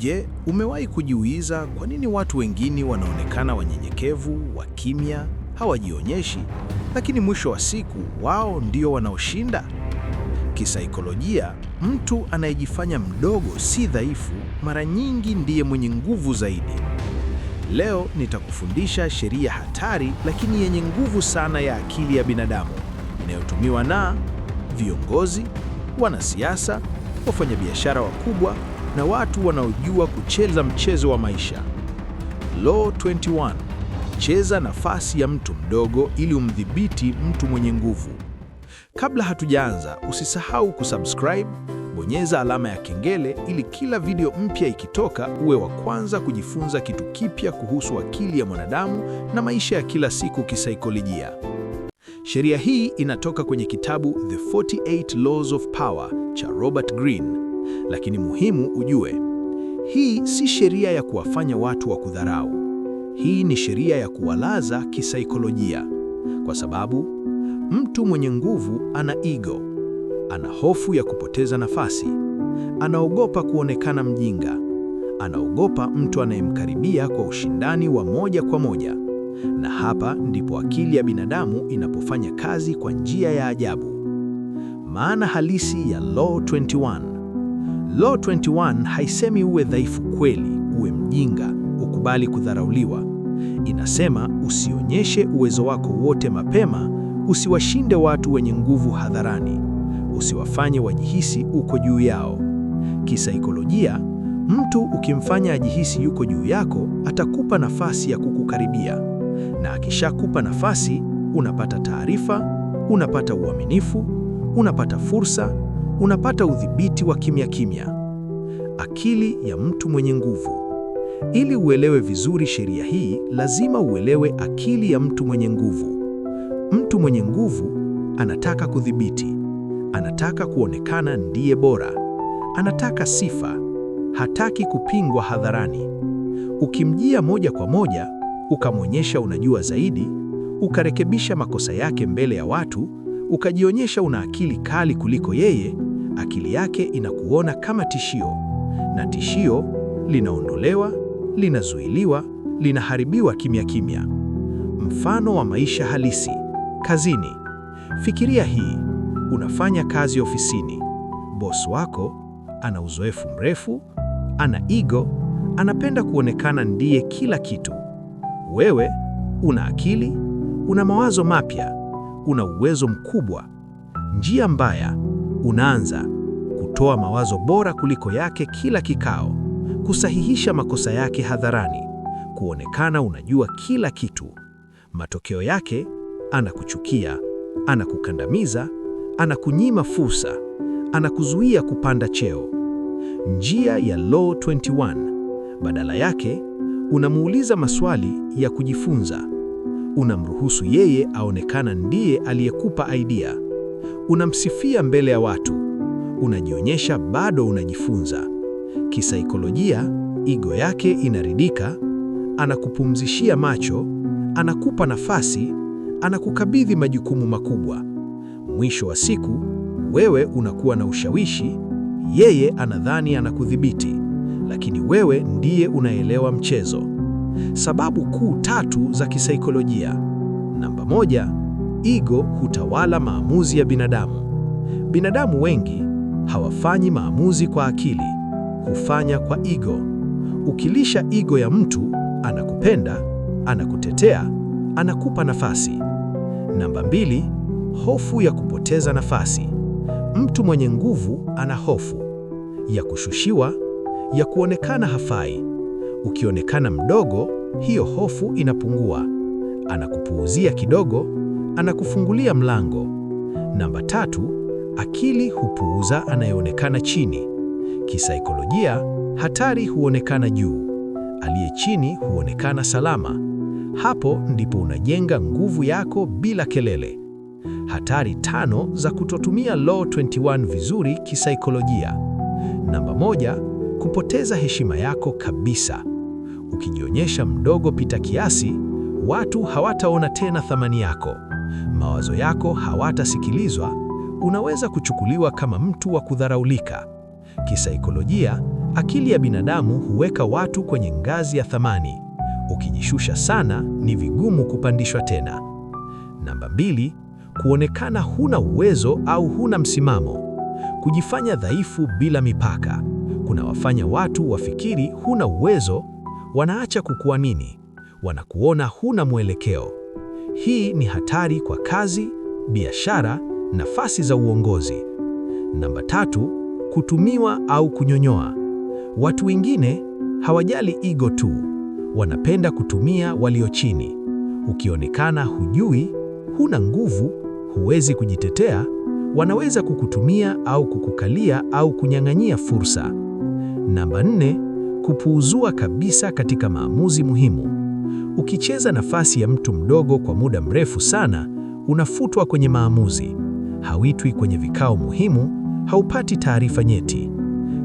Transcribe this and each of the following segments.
Je, umewahi kujiuliza kwa nini watu wengine wanaonekana wanyenyekevu, wakimya, hawajionyeshi, lakini mwisho wa siku wao ndio wanaoshinda? Kisaikolojia, mtu anayejifanya mdogo, si dhaifu, mara nyingi ndiye mwenye nguvu zaidi. Leo nitakufundisha sheria hatari lakini yenye nguvu sana ya akili ya binadamu inayotumiwa na viongozi, wanasiasa, wafanyabiashara wakubwa na watu wanaojua kucheza mchezo wa maisha. Law 21: cheza nafasi ya mtu mdogo ili umdhibiti mtu mwenye nguvu. Kabla hatujaanza, usisahau kusubscribe, bonyeza alama ya kengele ili kila video mpya ikitoka uwe wa kwanza kujifunza kitu kipya kuhusu akili ya mwanadamu na maisha ya kila siku kisaikolojia. Sheria hii inatoka kwenye kitabu The 48 Laws of Power cha Robert Greene lakini muhimu ujue, hii si sheria ya kuwafanya watu wa kudharau. Hii ni sheria ya kuwalaza kisaikolojia, kwa sababu mtu mwenye nguvu ana ego, ana hofu ya kupoteza nafasi, anaogopa kuonekana mjinga, anaogopa mtu anayemkaribia kwa ushindani wa moja kwa moja. Na hapa ndipo akili ya binadamu inapofanya kazi kwa njia ya ajabu. Maana halisi ya Law 21 Law 21 haisemi uwe dhaifu kweli, uwe mjinga, ukubali kudharauliwa. Inasema usionyeshe uwezo wako wote mapema, usiwashinde watu wenye nguvu hadharani, usiwafanye wajihisi uko juu yao. Kisaikolojia, mtu ukimfanya ajihisi yuko juu yako, atakupa nafasi ya kukukaribia, na akishakupa nafasi, unapata taarifa, unapata uaminifu, unapata fursa unapata udhibiti wa kimya kimya. Akili ya mtu mwenye nguvu. Ili uelewe vizuri sheria hii, lazima uelewe akili ya mtu mwenye nguvu. Mtu mwenye nguvu anataka kudhibiti, anataka kuonekana ndiye bora, anataka sifa, hataki kupingwa hadharani. Ukimjia moja kwa moja, ukamwonyesha unajua zaidi, ukarekebisha makosa yake mbele ya watu, ukajionyesha una akili kali kuliko yeye akili yake inakuona kama tishio, na tishio linaondolewa, linazuiliwa, linaharibiwa kimya kimya. Mfano wa maisha halisi kazini. Fikiria hii: unafanya kazi ofisini, bos wako ana uzoefu mrefu, ana ego, anapenda kuonekana ndiye kila kitu. Wewe una akili, una mawazo mapya, una uwezo mkubwa. Njia mbaya Unaanza kutoa mawazo bora kuliko yake kila kikao, kusahihisha makosa yake hadharani, kuonekana unajua kila kitu. Matokeo yake, anakuchukia, anakukandamiza, anakunyima fursa, anakuzuia kupanda cheo. Njia ya Law 21. Badala yake, unamuuliza maswali ya kujifunza. Unamruhusu yeye aonekana ndiye aliyekupa idea unamsifia mbele ya watu, unajionyesha bado unajifunza. Kisaikolojia, ego yake inaridika, anakupumzishia macho, anakupa nafasi, anakukabidhi majukumu makubwa. Mwisho wa siku, wewe unakuwa na ushawishi, yeye anadhani anakudhibiti, lakini wewe ndiye unaelewa mchezo. Sababu kuu tatu za kisaikolojia. Namba moja, Ego hutawala maamuzi ya binadamu. Binadamu wengi hawafanyi maamuzi kwa akili, hufanya kwa ego. Ukilisha ego ya mtu, anakupenda, anakutetea, anakupa nafasi. Namba mbili, hofu ya kupoteza nafasi. Mtu mwenye nguvu ana hofu ya kushushiwa, ya kuonekana hafai. Ukionekana mdogo, hiyo hofu inapungua. Anakupuuzia kidogo anakufungulia mlango. Namba tatu, akili hupuuza anayeonekana chini. Kisaikolojia, hatari huonekana juu, aliye chini huonekana salama. Hapo ndipo unajenga nguvu yako bila kelele. Hatari tano za kutotumia Law 21 vizuri kisaikolojia. Namba moja, kupoteza heshima yako kabisa. Ukijionyesha mdogo pita kiasi, watu hawataona tena thamani yako mawazo yako hawatasikilizwa, unaweza kuchukuliwa kama mtu wa kudharaulika. Kisaikolojia, akili ya binadamu huweka watu kwenye ngazi ya thamani. Ukijishusha sana, ni vigumu kupandishwa tena. Namba mbili, kuonekana huna uwezo au huna msimamo. Kujifanya dhaifu bila mipaka kunawafanya watu wafikiri huna uwezo, wanaacha kukuamini, wanakuona huna mwelekeo. Hii ni hatari kwa kazi, biashara, nafasi za uongozi. Namba tatu, kutumiwa au kunyonyoa. Watu wengine hawajali ego tu, wanapenda kutumia walio chini. Ukionekana hujui, huna nguvu, huwezi kujitetea, wanaweza kukutumia au kukukalia au kunyang'anyia fursa. Namba nne, kupuuzua kabisa katika maamuzi muhimu. Ukicheza nafasi ya mtu mdogo kwa muda mrefu sana, unafutwa kwenye maamuzi, hauitwi kwenye vikao muhimu, haupati taarifa nyeti.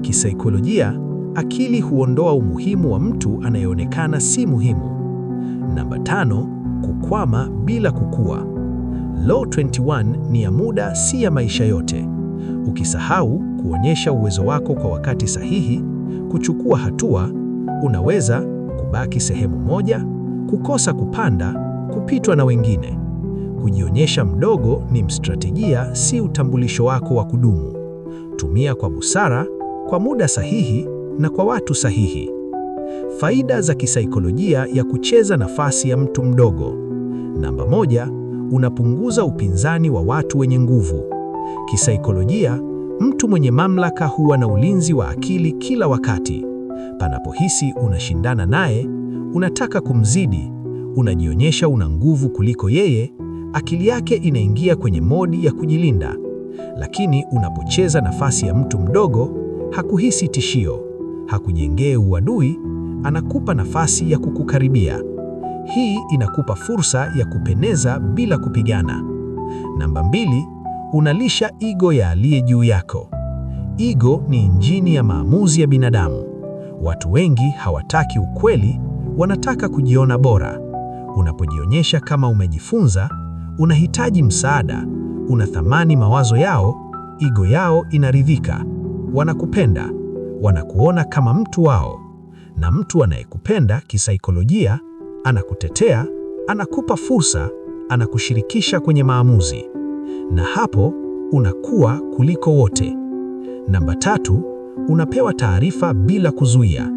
Kisaikolojia, akili huondoa umuhimu wa mtu anayeonekana si muhimu. Namba tano, kukwama bila kukua. Law 21 ni ya muda, si ya maisha yote. Ukisahau kuonyesha uwezo wako kwa wakati sahihi, kuchukua hatua, unaweza kubaki sehemu moja kukosa kupanda, kupitwa na wengine. Kujionyesha mdogo ni mstrategia, si utambulisho wako wa kudumu. Tumia kwa busara, kwa muda sahihi na kwa watu sahihi. Faida za kisaikolojia ya kucheza nafasi ya mtu mdogo. Namba moja, unapunguza upinzani wa watu wenye nguvu. Kisaikolojia, mtu mwenye mamlaka huwa na ulinzi wa akili kila wakati. Panapohisi unashindana naye, unataka kumzidi, unajionyesha una nguvu kuliko yeye, akili yake inaingia kwenye modi ya kujilinda. Lakini unapocheza nafasi ya mtu mdogo, hakuhisi tishio, hakujengee uadui, anakupa nafasi ya kukukaribia. Hii inakupa fursa ya kupeneza bila kupigana. Namba mbili, unalisha ego ya aliye juu yako. Ego ni injini ya maamuzi ya binadamu. Watu wengi hawataki ukweli, wanataka kujiona bora. Unapojionyesha kama umejifunza, unahitaji msaada, unathamani mawazo yao, ego yao inaridhika, wanakupenda, wanakuona kama mtu wao. Na mtu anayekupenda kisaikolojia anakutetea, anakupa fursa, anakushirikisha kwenye maamuzi, na hapo unakuwa kuliko wote. Namba tatu, unapewa taarifa bila kuzuia.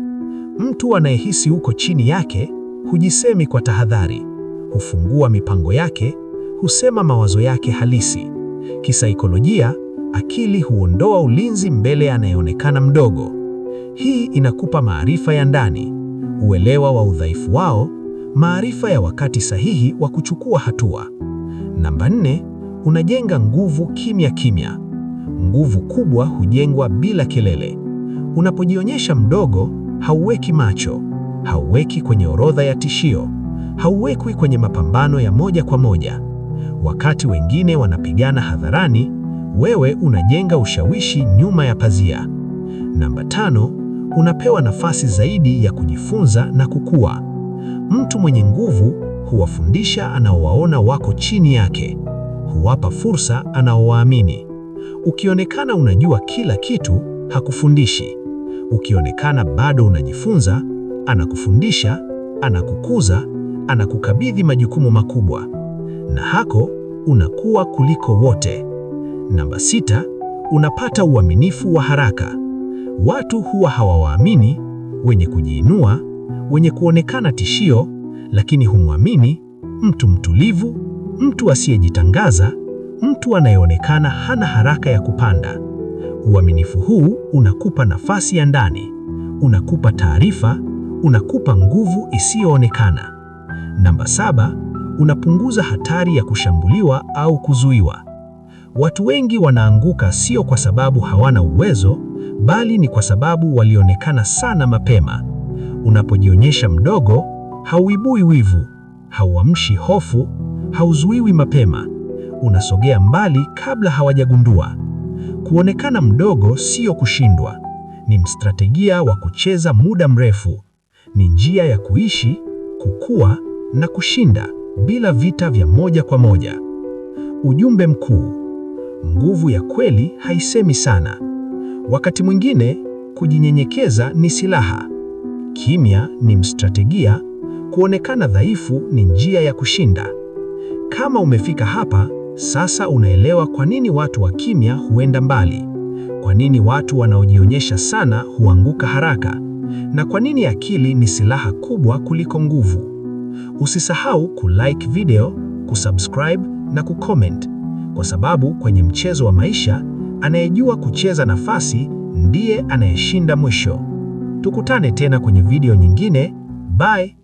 Mtu anayehisi uko chini yake hujisemi kwa tahadhari, hufungua mipango yake, husema mawazo yake halisi. Kisaikolojia, akili huondoa ulinzi mbele anayeonekana mdogo. Hii inakupa maarifa ya ndani, uelewa wa udhaifu wao, maarifa ya wakati sahihi wa kuchukua hatua. Namba nne, unajenga nguvu kimya kimya. Nguvu kubwa hujengwa bila kelele. Unapojionyesha mdogo hauweki macho, hauweki kwenye orodha ya tishio, hauwekwi kwenye mapambano ya moja kwa moja. Wakati wengine wanapigana hadharani, wewe unajenga ushawishi nyuma ya pazia. Namba tano, unapewa nafasi zaidi ya kujifunza na kukua. Mtu mwenye nguvu huwafundisha anaowaona wako chini yake, huwapa fursa anaowaamini. Ukionekana unajua kila kitu, hakufundishi. Ukionekana bado unajifunza, anakufundisha, anakukuza, anakukabidhi majukumu makubwa, na hako unakuwa kuliko wote. Namba sita, unapata uaminifu wa haraka. Watu huwa hawawaamini wenye kujiinua, wenye kuonekana tishio, lakini humwamini mtu mtulivu, mtu asiyejitangaza, mtu anayeonekana hana haraka ya kupanda. Uaminifu huu unakupa nafasi ya ndani, unakupa taarifa, unakupa nguvu isiyoonekana. Namba saba, unapunguza hatari ya kushambuliwa au kuzuiwa. Watu wengi wanaanguka sio kwa sababu hawana uwezo, bali ni kwa sababu walionekana sana mapema. Unapojionyesha mdogo, hauibui wivu, hauamshi hofu, hauzuiwi mapema. Unasogea mbali kabla hawajagundua. Kuonekana mdogo sio kushindwa, ni mstrategia wa kucheza muda mrefu, ni njia ya kuishi, kukua na kushinda bila vita vya moja kwa moja. Ujumbe mkuu: nguvu ya kweli haisemi sana. Wakati mwingine kujinyenyekeza ni silaha, kimya ni mstrategia, kuonekana dhaifu ni njia ya kushinda. Kama umefika hapa sasa unaelewa kwa nini watu wa kimya huenda mbali, kwa nini watu wanaojionyesha sana huanguka haraka, na kwa nini akili ni silaha kubwa kuliko nguvu. Usisahau kulike video, kusubscribe na kucomment, kwa sababu kwenye mchezo wa maisha, anayejua kucheza nafasi ndiye anayeshinda mwisho. Tukutane tena kwenye video nyingine. Bye.